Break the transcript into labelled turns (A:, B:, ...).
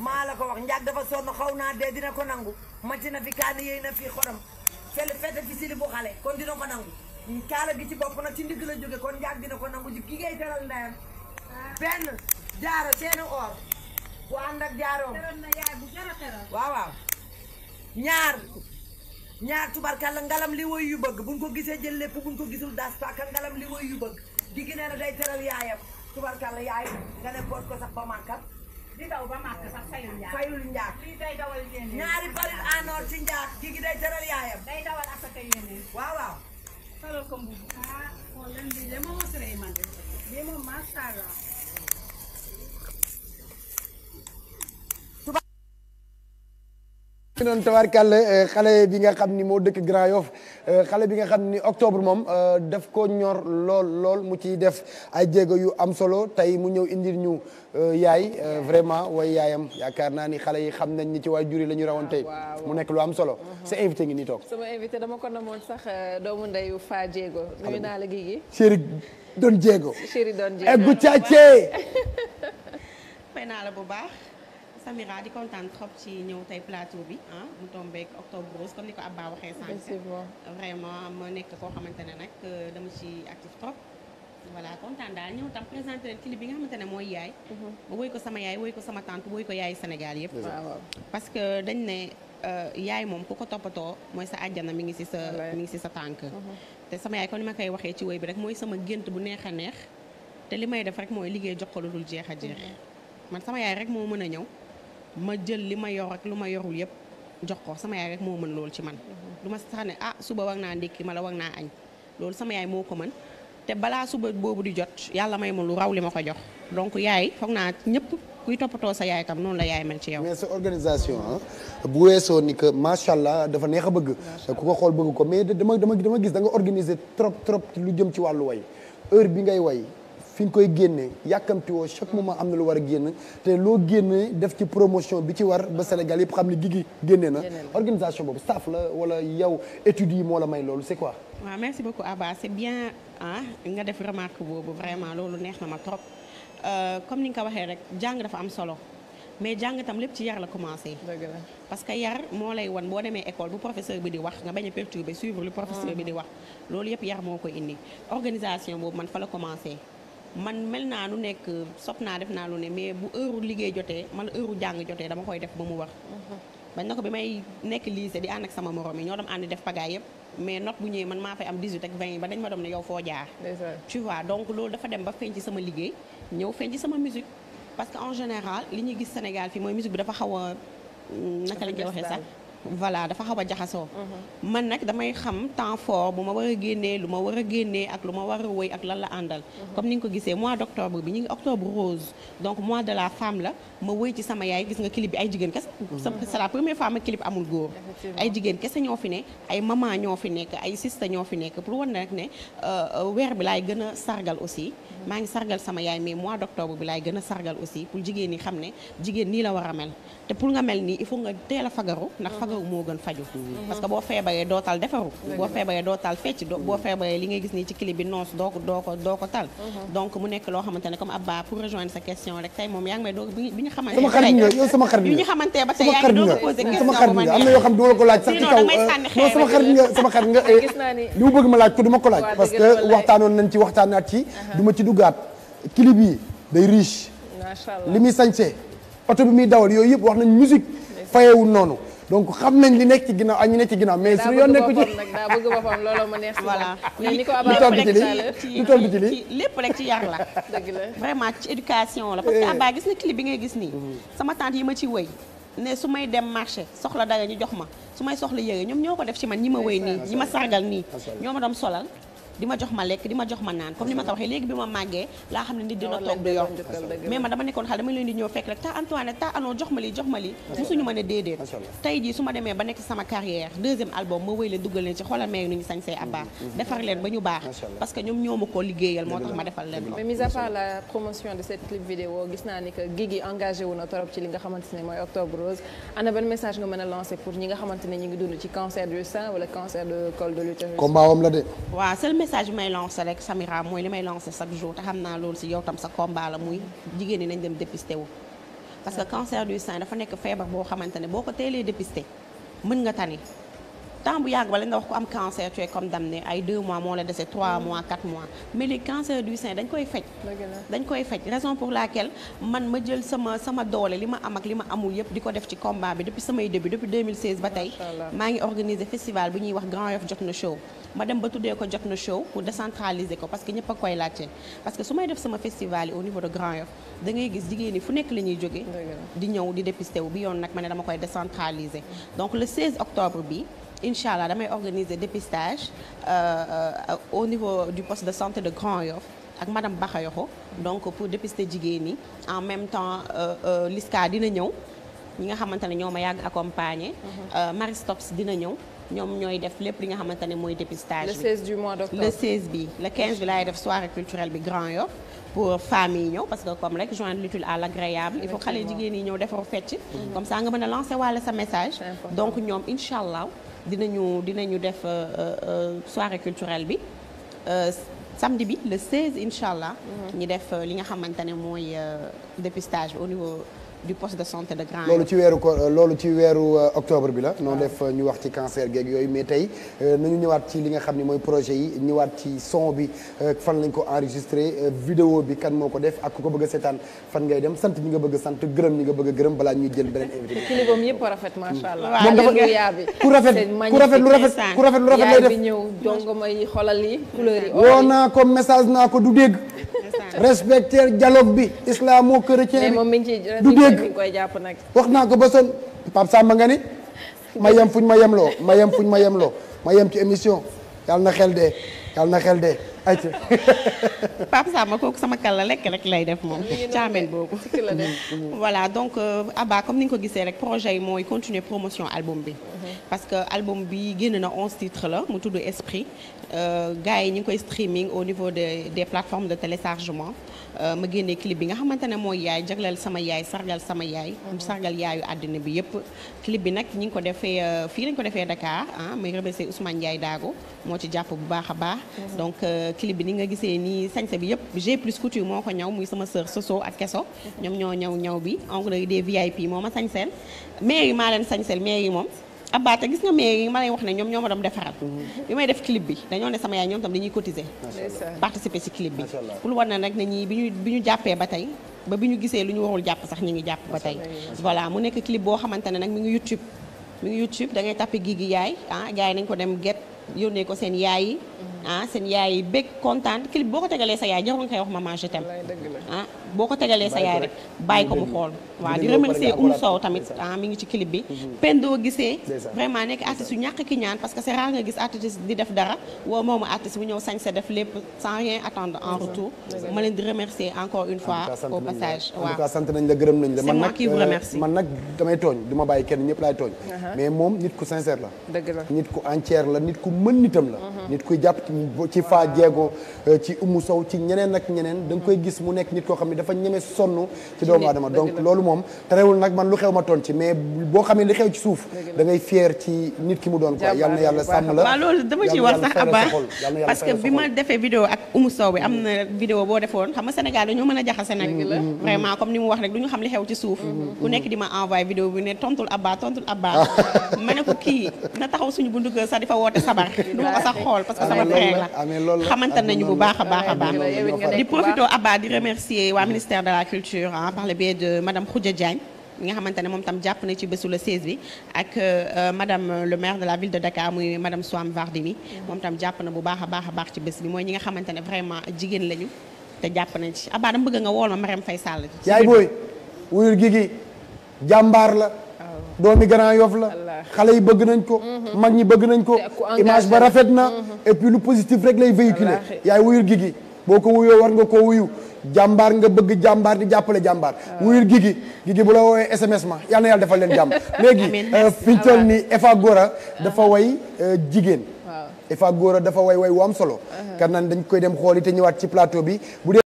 A: maa la ko wax njaag dafa sonn xaw naa dee dina ko nangu mati na fi kaani yéy na fi xorom fel fete fi sili bu xale kon dina ko nangu kaala gi ci bopp nag ci ndigg la jóge kon njaag dina ko nangu ci ki ngay teral ndeyam ah. benn jaaro seeni or bu ànd ak jaaroom waaw waaw ñaar ñaar tubarkalla ngalam li woy yu bëgg buñ ko gisee jël lépp buñ ko gisul daas paaka ngalam li woy yu bëgg di gi nee na day teral yaayam tubarkalla yaay nga ne ko sax ba di daw ba day dawal yéene ñaari anoor ci njaag gi gi day tëral yaayam day dawal asaka yéene waaw waaw solal ko mbubu ah xoolal lii de moom a man de lii allah
B: noonu tabaarkàlla eh, xale bi nga xam ni moo dëkk Grand Yoff eh, xale bi nga xam ni octobre moom eh, def ko ñor lool lool mu ciy def ay jéego yu am solo tey mu ñëw indil ñu yaay vraiment way yaayam yaakaar naa ni xale yi xam nañ ni ci waay juri la ñu tey ah, mu nekk lu am solo uh-huh. sa invité ngi nii toog
A: sama invité dama ko namoon sax doomu ndeyu Faa Jéego nuyu naa la Guigui chéri
B: doon jéego chéri doon jéego eggu caacee
A: may naa la bu baax Samira di kontaan trop ci ñëw tey plateau bi ah mu tombeek octobre rose comme ni ko Abba waxee vraiment ma nekk koo xamante ne nag euh, dama ci actif trop voilà kontaan daal ñëw tam mooy yaay mhm. woy ko sama yaay woy sama tante woy ko yaay Sénégal yëpp parce que dañ ne euh, yaay moom ku ko toppatoo mooy sa àjjana mi ngi si sa mi ngi si sa tànk mhm. sama yaay comme ni ma koy waxee ci woy bi rek mooy sama gént bu neex a neex te li may def rek mooy liggéey jox ko lu dul jeex a jeex mhm. man sama yaay rek moo mën a ñëw ma jël li ma yor ak lu ma yorul yëpp jox ko sama yaay rek moo mën loolu ci man lu mhm. ma sax ne ah suba war naa ndékki ma la war naa añ loolu sama yaay moo ko mën te balaa suba boobu di jot yàlla may ma lu raw li ma ko jox donc yaay foog naa ñëpp kuy toppatoo sa yaay tam noonu la yaay mel ci yow. mais sa organisation
B: bu weesoo ni que macha allah dafa neex a bëgg. ku ko xool bëgg ko mais dama dama dama gis da nga organiser trop trop lu jëm ci wàllu way heure bi ngay way fi nga koy génnee yàkkamti woo chaque moment am na lu war a génn te loo génnee def ci promotion bi ci war ba Sénégal yëpp xam ne Guigui génnee na organisation boobu saaf la wala yow études moo la may loolu c'est quoi
A: waaw merci beaucoup Abba c'est bien ah, nga def remarque boobu vraiment loolu neex na ma trop euh, comme ni nga ko waxee rek jàng dafa am solo mais jàng tam lépp ci yar la commencé. parce que yar moo lay wan boo demee école bu professeur bi di wax nga a perturber suivre lu professeur bi ah. organisation boobu man fa la commencé. man mel naa lu nekk sopp naa def naa lu ne mais bu heure liggéey jotee man heure jàng jotee dama koy def ba mu war. Mhm. bañ na ko bi may nekk lycée di ànd ak sama morom yi ñoo dem ànd def pagaay yëpp mais note bu ñëwee man maa fay am 18 ak 20 ba dañ ma doon ne yow foo jaar. tu vois donc loolu dafa dem ba feeñ ci sama liggéey ñëw feeñ ci sama musique parce que en général li ñuy gis Sénégal fii mooy musique bi dafa xaw a mm, naka lañ koy waxee sax. voilà dafa xaw a jaxasoo. Mm-hmm. man nag damay xam temps fort bu ma war a génnee lu ma war a génnee ak lu ma war a woy ak lan la àndal. Mm-hmm. comme ni nga ko gisee mois d' bi ñu ngi octobre rose donc mois de la femme la ma woy ci sama yaay gis nga clip bi ay jigéen kese. Mm-hmm. c' est la première fois ma clip amul góor. ay jigéen kese ñoo fi ne ay maman ñoo fi nekk ay sista ñoo fi nekk pour wan na rek ne euh, euh, weer bi laay gën a sargal aussi. maa ngi sargal sama yaay mais mois d'octobre bi laay gën a sargal aussi pour jigéen ñi xam ne jigéen nii la war a mel te pour nga mel nii il faut nga teel a fagaru ndax fagaru moo gën faju mhm. parce que boo feebaree doo tal defaru boo feebaree doo tal fecc boo mhm. feebaree li ngay gis nii ci clip bi noos doo ko tal mhm. donc mu nekk loo xamante comme Abba pour rejoindre sa question rek tey moom yaa ngi may doog bi ñu xamante ba sama xarit nga am
B: euh, sama xarit nga duggaat clip yi day riche. li muy sañse oto bi muy dawal yooyu yëpp wax nañ musique fayewul noonu. donc xam nañ li nekk ci ginnaaw ak ñi nekk ci ginnaaw mais su
A: lépp rek ci yar la dëgg la eh. bi ngay gis nii mhm. sama tante yi ma ci wëy ne su may dem marché soxla dara ñu jox ma su may soxla yére ñoom ñoo ko def ci man ñi ma wëy nii ñi ma sargal nii ñoo ma doon solal di ma jox ma lekk di ma jox ma naan comme ni ma ko waxee léegi bi ma màggee laa xam ne nit dina toog du yor mais ma dama nekkoon xale dama leen di ñëw fekk rek ta Antoine ta anoo jox ma lii jox ma ma ne déedéet tey jii su ma demee ba nekk sama carrière deuxième album ma wéy leen duggal leen ci xoolal meeg ni ñu mm, mm, mm. defar leen ba ñu baax parce que ñoom ñoo ko liggéeyal moo tax ma defal leen mais mis part la promotion de clip vidéo gis message bi may lancé rek Samira mooy li may lancé chaque jour te xam naa loolu si yow tam sa combat la muy jigéen ñi nañ dem dépisté wu. parce que cancer du sein dafa nekk feebar boo xamante ne boo ko teelee dépisté mën nga tane. temps bu yàgg ba la nga wax ko am cancer tu es condamné ay 2 mois man ma jël sama sama doole li ma am ak li ma amul yëpp di ko def ci combat bi depuis samay début depuis 2016 ba tey maa ngi organiser festival wax Grand Yoff jot na show ma dem ko jot na show pour décentraliser ko parce que ñëpp koy laajte parce que su may de Grand Yoff da ngay gis jigéen ñi fu nekk la ñuy jóge di ñëw di dépister wu bi yoon nag ma ne dama koy décentraliser donc le octobre bi incha allah damay organiser dépistage euh, euh, au niveau du poste de santé de Grand Yoff ak madame Bakayoko donc pour dépister jigéen ñi en même temps euh, Liska dina ñëw ñi nga xamante ne ñoo ma yàgg accompagner. Mhm. Marie dina ñëw. ñoom ñooy def lépp li nga xamante ne mooy dépistage bi le 16 du mois d'octobre bi le 15 bi laay def soirée culturelle bi Grand Yoff pour femmes yi ñëw parce que comme rek joindre l'utile à l'agréable il faut xale jigéen yi ñëw defaru fecc mhm. comme ça nga mën a lancer wàlla sa message donc ñoom incha allah dinañu dinañu def euh, euh, euh, soirée culturelle bi samedi bi le 16 incha allah. Mm-hmm. ñu def li nga xamante ne mooy dépistage au niveau. du poste de loolu ci weeru
B: ko loolu ci weeru euh, octobre bi la. noonu def euh, ñu wax ci cancer geeg yooyu mais tey euh, nañu ñëwaat ci li nga xam ne mooy projet yi ñëwaat ci son bi fan lañ ko enregistré vidéo bi kan moo ko def ak ku ko bëgg a seetaan fan ngay dem sant ñi nga bëgg sant gërëm ñi nga bëgg gërëm balaa ñuy jël beneen invité.
A: te kilibam yëpp rafet macha allah. waaw alléluia bi ku rafet ku rafet lu rafet ku rafet lu rafet lay def. yaa bi ñëw dong may xolal yi couleur yi. woo naa
B: ko message naa ko du dégg. respecter dialogue bi islamo-chrétien
A: bi du dégg
B: wax naa ko ba son Pape Samba nga ni ma yem fuñ ma yemloo ma yem fuñ ma yemloo ma yem ci émission yàlla na xel dee yàlla na xel dee ay
A: Pape Samba kooku sama kàlla lekk rek lay def moom caamen boobu voilà donc euh, Abba comme ni ko gisee rek projet yi mooy continuer promotion album bi parce que album bi génn na onze titres la mu tudd Esprit euh, gars yi ñu ngi koy streaming au niveau des des plateformes de téléchargement euh, ma génnee clip bi nga xamante ne mooy yaay jagleel sama yaay sargal sama yaay. sargal yaayu àddina bi yëpp. clip bi nag ñi ngi ko defee euh, fii lañ ko defee Dakar ah may remercier Ousmane Ndiaye Dago moo ci jàpp bu baax a baax. Mm-hmm. donc clip bi ni nga gisee nii sañse bi yëpp G plus couture moo ko ñaw muy sama sœur Soso ak Keso. Mm-hmm. ñoom ñoo ñaw ñaw bi oncle des VIP moo ma sañseel. mairie maa Abaate gis nga mais ma lay wax ne ñoom ñoo ma doon defaral bi may def clip bi dañoo ne sama yaay ñoom tam dañuy cotiser participer ci clip bi pour war na rek ne ñu jàppee ba tey ba bi ñu gisee lu ñu warul jàpp sax ñu ngi jàpp ba tey voilà mu nekk clip boo xamante ne nag mu ngi YouTube mi ngi YouTube da ngay tapé Guigui yaay ah gars ko dem get yónnee ko seen yaay yi mm-hmm. ah seen yaay yi bég kontaan clip boo ko tegalee sa yaay jarul nga koy wax ma je t'aime ah boo ko tegalee sa yaay rek bàyyi ko mu xool waaw di remercier Oum Sow tamit ah ngi ci clip bi mm-hmm. Pendo gisee vraiment nekk artiste yu ñàkk ki ñaan parce que c'est nga gis artiste di def dara woo moomu bu ñëw sañ sa def lépp sans rien attendre en retour ma leen di remercier encore une fois au passage waaw sant nañ
B: la gërëm nañ la euh, man nag damay tooñ du bàyyi kenn ñëpp laay tooñ uh-huh. mais moom nit ku sincère la nit ku entière la nit ku mën nitam la uh-huh. nit ku jàpp bi dafa ñeme sonn ci doomu aadama donc loolu moom terewul nag man lu xew ma toon ci mais boo xamee li xew ci suuf da ngay ci nit ki mu doon quoi yal na yàlla sàmm la
A: waaw bi ma defee vidéo ak Oumou Sow bi am na vidéo boo defoon xam Sénégal dañoo mën a jaxase nag mm, mm, mm, vraiment comme ni mu wax rek du ñu xam li xew ci suuf ku nekk di ma envoyé vidéo bi ne tontul abaa tontul abaa ma ne ko kii na taxaw suñu buntu sax di woote sabar du ma ko sax xool parce bu baax a baax a waa ministère de la culture ah par le de madame Khoudia Diagne nga xamante ne moom tam jàpp na ci bésu le 16 bi ak euh, euh, madame le maire de la ville de Dakar muy madame Soham Wardini moom tam jàpp na bu baax a baax a baax ci bés bi mooy ñi nga xamante ne vraiment jigéen lañu te jàpp nañ ci abaa dama bëgg nga wool ma Marème Faye Sall.
B: yaay booy wuyul gigi jàmbaar la. doomi Grand Yoff la xale yi bëgg nañ ko mhm. mag ñi bëgg nañ ko image ba rafet na mhm. et puis lu positif rek lay véhiculer boo ko wuyoo war nga koo wuyu jàmbaar nga bëgg jàmbaar di jàppale jàmbaar ah. wuyul gigi gigi bu la woowee sms ma yal na yàlla defal leen jàmm léegi fii tol ni Efa ah. dafa woy euh, jigéen Efa dafa woy way wu am solo ah. kan nan dañ koy dem xool te ñëwaat ci plateau bi